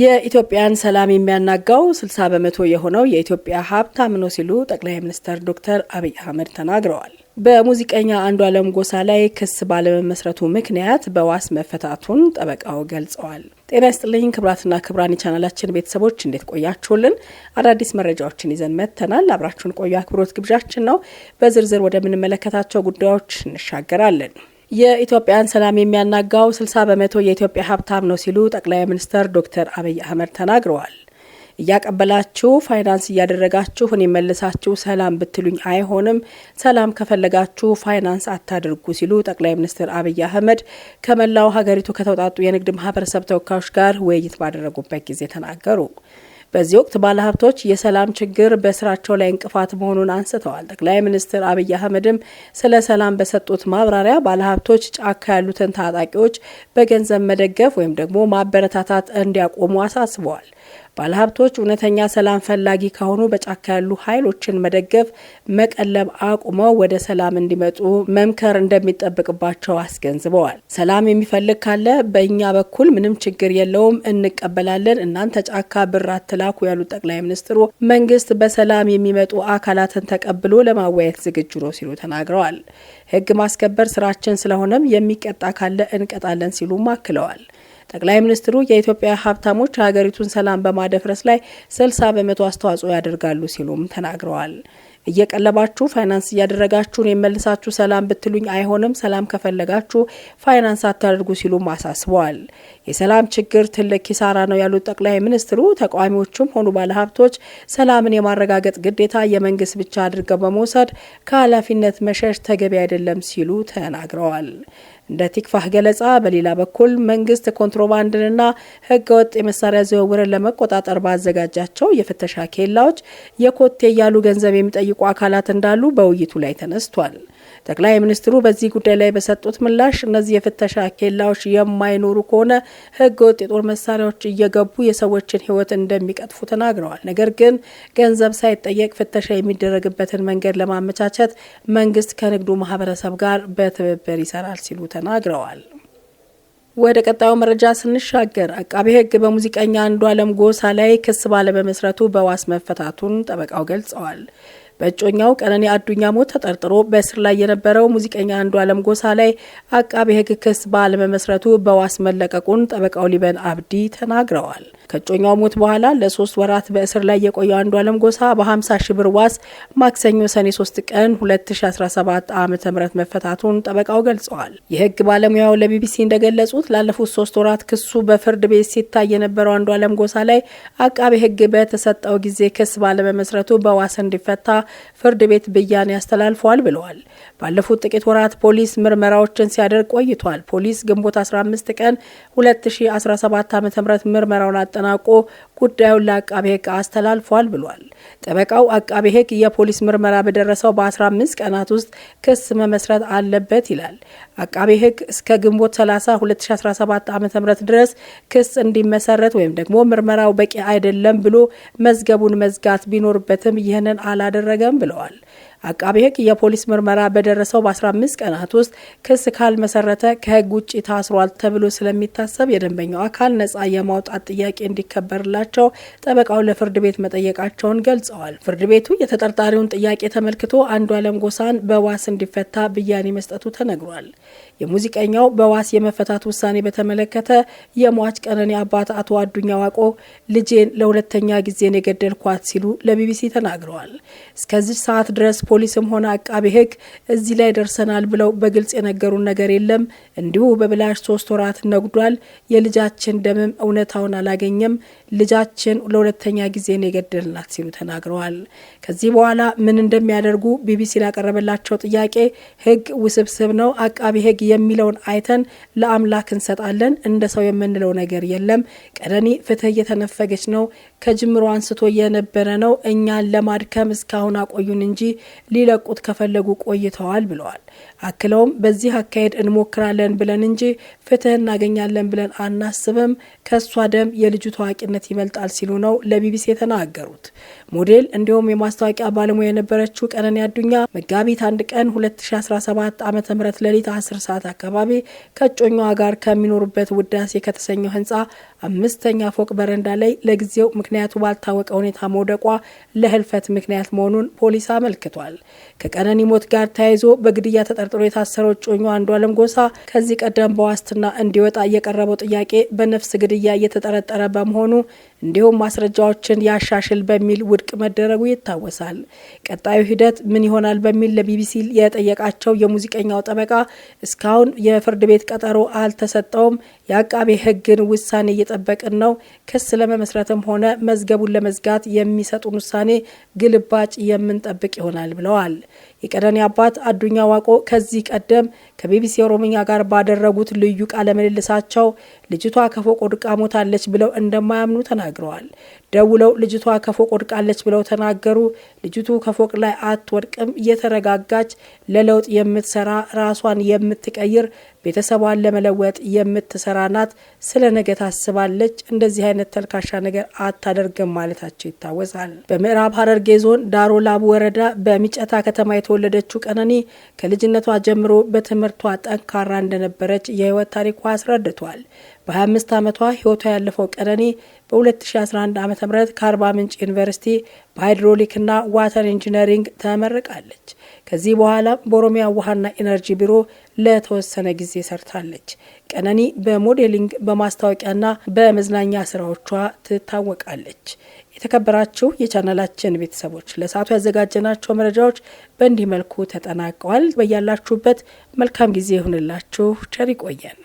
የኢትዮጵያን ሰላም የሚያናጋው 60 በመቶ የሆነው የኢትዮጵያ ሀብታም ነው ሲሉ ጠቅላይ ሚኒስትር ዶክተር አብይ አህመድ ተናግረዋል። በሙዚቀኛ አንዷለም ጎሳ ላይ ክስ ባለመመስረቱ ምክንያት በዋስ መፈታቱን ጠበቃው ገልጸዋል። ጤና ይስጥልኝ ክብራትና ክብራን የቻናላችን ቤተሰቦች እንዴት ቆያችሁልን? አዳዲስ መረጃዎችን ይዘን መጥተናል። አብራችሁን ቆዩ አክብሮት ግብዣችን ነው። በዝርዝር ወደምንመለከታቸው ጉዳዮች እንሻገራለን። የኢትዮጵያን ሰላም የሚያናጋው 60 በመቶ የኢትዮጵያ ሀብታም ነው ሲሉ ጠቅላይ ሚኒስትር ዶክተር አብይ አህመድ ተናግረዋል። እያቀበላችሁ ፋይናንስ እያደረጋችሁ እኔ መልሳችሁ ሰላም ብትሉኝ አይሆንም፣ ሰላም ከፈለጋችሁ ፋይናንስ አታድርጉ ሲሉ ጠቅላይ ሚኒስትር አብይ አህመድ ከመላው ሀገሪቱ ከተውጣጡ የንግድ ማህበረሰብ ተወካዮች ጋር ውይይት ባደረጉበት ጊዜ ተናገሩ። በዚህ ወቅት ባለሀብቶች የሰላም ችግር በስራቸው ላይ እንቅፋት መሆኑን አንስተዋል። ጠቅላይ ሚኒስትር አብይ አህመድም ስለ ሰላም በሰጡት ማብራሪያ ባለሀብቶች ጫካ ያሉትን ታጣቂዎች በገንዘብ መደገፍ ወይም ደግሞ ማበረታታት እንዲያቆሙ አሳስበዋል። ባለሀብቶች እውነተኛ ሰላም ፈላጊ ከሆኑ በጫካ ያሉ ኃይሎችን መደገፍ፣ መቀለብ አቁመው ወደ ሰላም እንዲመጡ መምከር እንደሚጠበቅባቸው አስገንዝበዋል። ሰላም የሚፈልግ ካለ በእኛ በኩል ምንም ችግር የለውም፣ እንቀበላለን፣ እናንተ ጫካ ብር አትላኩ ያሉት ጠቅላይ ሚኒስትሩ መንግስት በሰላም የሚመጡ አካላትን ተቀብሎ ለማወያየት ዝግጁ ነው ሲሉ ተናግረዋል። ህግ ማስከበር ስራችን ስለሆነም የሚቀጣ ካለ እንቀጣለን ሲሉም አክለዋል። ጠቅላይ ሚኒስትሩ የኢትዮጵያ ሀብታሞች ሀገሪቱን ሰላም በማደፍረስ ላይ 60 በመቶ አስተዋጽኦ ያደርጋሉ ሲሉም ተናግረዋል። እየቀለባችሁ ፋይናንስ እያደረጋችሁን የመልሳችሁ ሰላም ብትሉኝ አይሆንም፣ ሰላም ከፈለጋችሁ ፋይናንስ አታደርጉ ሲሉም አሳስበዋል። የሰላም ችግር ትልቅ ኪሳራ ነው ያሉት ጠቅላይ ሚኒስትሩ ተቃዋሚዎቹም ሆኑ ባለሀብቶች ሰላምን የማረጋገጥ ግዴታ የመንግስት ብቻ አድርገው በመውሰድ ከኃላፊነት መሸሽ ተገቢ አይደለም ሲሉ ተናግረዋል። እንደ ቲክፋህ ገለጻ በሌላ በኩል መንግስት ኮንትሮባንድንና ህገወጥ የመሳሪያ ዝውውርን ለመቆጣጠር ባዘጋጃቸው የፍተሻ ኬላዎች የኮቴ እያሉ ገንዘብ የሚጠይቁ አካላት እንዳሉ በውይይቱ ላይ ተነስቷል። ጠቅላይ ሚኒስትሩ በዚህ ጉዳይ ላይ በሰጡት ምላሽ እነዚህ የፍተሻ ኬላዎች የማይኖሩ ከሆነ ህገ ወጥ የጦር መሳሪያዎች እየገቡ የሰዎችን ህይወት እንደሚቀጥፉ ተናግረዋል። ነገር ግን ገንዘብ ሳይጠየቅ ፍተሻ የሚደረግበትን መንገድ ለማመቻቸት መንግስት ከንግዱ ማህበረሰብ ጋር በትብብር ይሰራል ሲሉ ተናግረዋል። ወደ ቀጣዩ መረጃ ስንሻገር አቃቤ ህግ በሙዚቀኛ አንዱ አለም ጎሳ ላይ ክስ ባለመመስረቱ በዋስ መፈታቱን ጠበቃው ገልጸዋል። በእጮኛው ቀነኔ አዱኛ ሞት ተጠርጥሮ በእስር ላይ የነበረው ሙዚቀኛ አንዱ አለም ጎሳ ላይ አቃቤ ሕግ ክስ ባለመመስረቱ በዋስ መለቀቁን ጠበቃው ሊበን አብዲ ተናግረዋል። ከእጮኛው ሞት በኋላ ለሶስት ወራት በእስር ላይ የቆየው አንዱ አለም ጎሳ በ50 ሺህ ብር ዋስ ማክሰኞ ሰኔ 3 ቀን 2017 ዓ ም መፈታቱን ጠበቃው ገልጸዋል። የህግ ባለሙያው ለቢቢሲ እንደገለጹት ላለፉት ሶስት ወራት ክሱ በፍርድ ቤት ሲታይ የነበረው አንዱ አለም ጎሳ ላይ አቃቤ ሕግ በተሰጠው ጊዜ ክስ ባለመመስረቱ በዋስ እንዲፈታ ፍርድ ቤት ብያኔ አስተላልፏል ብለዋል። ባለፉት ጥቂት ወራት ፖሊስ ምርመራዎችን ሲያደርግ ቆይቷል። ፖሊስ ግንቦት 15 ቀን 2017 ዓ ም ምርመራውን አጠናቆ ጉዳዩን ለአቃቤ ሕግ አስተላልፏል ብሏል። ጠበቃው አቃቤ ሕግ የፖሊስ ምርመራ በደረሰው በ15 ቀናት ውስጥ ክስ መመስረት አለበት ይላል። አቃቤ ሕግ እስከ ግንቦት 30 2017 ዓ ም ድረስ ክስ እንዲመሰረት ወይም ደግሞ ምርመራው በቂ አይደለም ብሎ መዝገቡን መዝጋት ቢኖርበትም ይህንን አላደረገም ብለዋል። አቃቤ ህግ የፖሊስ ምርመራ በደረሰው በ15 ቀናት ውስጥ ክስ ካልመሰረተ ከህግ ውጭ ታስሯል ተብሎ ስለሚታሰብ የደንበኛው አካል ነጻ የማውጣት ጥያቄ እንዲከበርላቸው ጠበቃው ለፍርድ ቤት መጠየቃቸውን ገልጸዋል። ፍርድ ቤቱ የተጠርጣሪውን ጥያቄ ተመልክቶ አንዱ አለም ጎሳን በዋስ እንዲፈታ ብያኔ መስጠቱ ተነግሯል። የሙዚቀኛው በዋስ የመፈታት ውሳኔ በተመለከተ የሟች ቀነኔ አባት አቶ አዱኛ ዋቆ ልጄን ለሁለተኛ ጊዜን የገደልኳት ሲሉ ለቢቢሲ ተናግረዋል። እስከዚህ ሰዓት ድረስ ፖሊስም ሆነ አቃቤ ሕግ እዚህ ላይ ደርሰናል ብለው በግልጽ የነገሩን ነገር የለም። እንዲሁ በብላሽ ሶስት ወራት ነጉዷል። የልጃችን ደምም እውነታውን አላገኘም። ልጃችን ለሁለተኛ ጊዜን የገደልናት ሲሉ ተናግረዋል። ከዚህ በኋላ ምን እንደሚያደርጉ ቢቢሲ ላቀረበላቸው ጥያቄ ሕግ ውስብስብ ነው አቃቤ ሕግ የሚለውን አይተን ለአምላክ እንሰጣለን። እንደ ሰው የምንለው ነገር የለም። ቀነኒ ፍትህ እየተነፈገች ነው። ከጅምሮ አንስቶ የነበረ ነው። እኛን ለማድከም እስካሁን አቆዩን እንጂ ሊለቁት ከፈለጉ ቆይተዋል ብለዋል። አክለውም በዚህ አካሄድ እንሞክራለን ብለን እንጂ ፍትህ እናገኛለን ብለን አናስብም፣ ከእሷ ደም የልጁ ታዋቂነት ይበልጣል ሲሉ ነው ለቢቢሲ የተናገሩት። ሞዴል እንዲሁም የማስታወቂያ ባለሙያ የነበረችው ቀነኒ አዱኛ መጋቢት አንድ ቀን 2017 ዓ ም ሌሊት 10 ሰዓት አካባቢ ከእጮኛዋ ጋር ከሚኖሩበት ውዳሴ ከተሰኘው ህንፃ አምስተኛ ፎቅ በረንዳ ላይ ለጊዜው ምክንያቱ ባልታወቀ ሁኔታ መውደቋ ለህልፈት ምክንያት መሆኑን ፖሊስ አመልክቷል። ከቀነኒ ሞት ጋር ተያይዞ በግድያ ተጠርጥሮ የታሰረው እጮኛው አንዷለም ጎሳ ከዚህ ቀደም በዋስትና እንዲወጣ የቀረበው ጥያቄ በነፍስ ግድያ እየተጠረጠረ በመሆኑ እንዲሁም ማስረጃዎችን ያሻሽል በሚል ውድቅ መደረጉ ይታወሳል። ቀጣዩ ሂደት ምን ይሆናል በሚል ለቢቢሲ የጠየቃቸው የሙዚቀኛው ጠበቃ እስካሁን የፍርድ ቤት ቀጠሮ አልተሰጠውም፣ የአቃቤ ህግን ውሳኔ እየጠ እየጠበቅን ነው። ክስ ለመመስረትም ሆነ መዝገቡን ለመዝጋት የሚሰጡን ውሳኔ ግልባጭ የምንጠብቅ ይሆናል ብለዋል። የቀነኒ አባት አዱኛ ዋቆ ከዚህ ቀደም ከቢቢሲ ኦሮምኛ ጋር ባደረጉት ልዩ ቃለ ምልልሳቸው ልጅቷ ከፎቅ ወድቃ ሞታለች ብለው እንደማያምኑ ተናግረዋል። ደውለው ልጅቷ ከፎቅ ወድቃለች ብለው ተናገሩ። ልጅቱ ከፎቅ ላይ አትወድቅም፣ እየተረጋጋች ለለውጥ የምትሰራ ራሷን የምትቀይር ቤተሰቧን ለመለወጥ የምትሰራ ናት። ስለ ነገ ታስባለች። እንደዚህ አይነት ተልካሻ ነገር አታደርግም ማለታቸው ይታወሳል። በምዕራብ ሐረርጌ ዞን ዳሮ ላቡ ወረዳ በሚጨታ ከተማ የተወለደችው ቀነኒ ከልጅነቷ ጀምሮ በትምህርቷ ጠንካራ እንደነበረች የህይወት ታሪኳ አስረድቷል። በ25 ዓመቷ ህይወቷ ያለፈው ቀነኒ በ2011 ዓ ም ከአርባ ምንጭ ዩኒቨርሲቲ በሃይድሮሊክና ዋተር ኢንጂነሪንግ ተመርቃለች። ከዚህ በኋላ በኦሮሚያ ውሃና ኢነርጂ ቢሮ ለተወሰነ ጊዜ ሰርታለች። ቀነኒ በሞዴሊንግ በማስታወቂያና በመዝናኛ ስራዎቿ ትታወቃለች። የተከበራችሁ የቻናላችን ቤተሰቦች ለሰዓቱ ያዘጋጀናቸው መረጃዎች በእንዲህ መልኩ ተጠናቀዋል። በያላችሁበት መልካም ጊዜ ይሁንላችሁ። ቸር ይቆየን።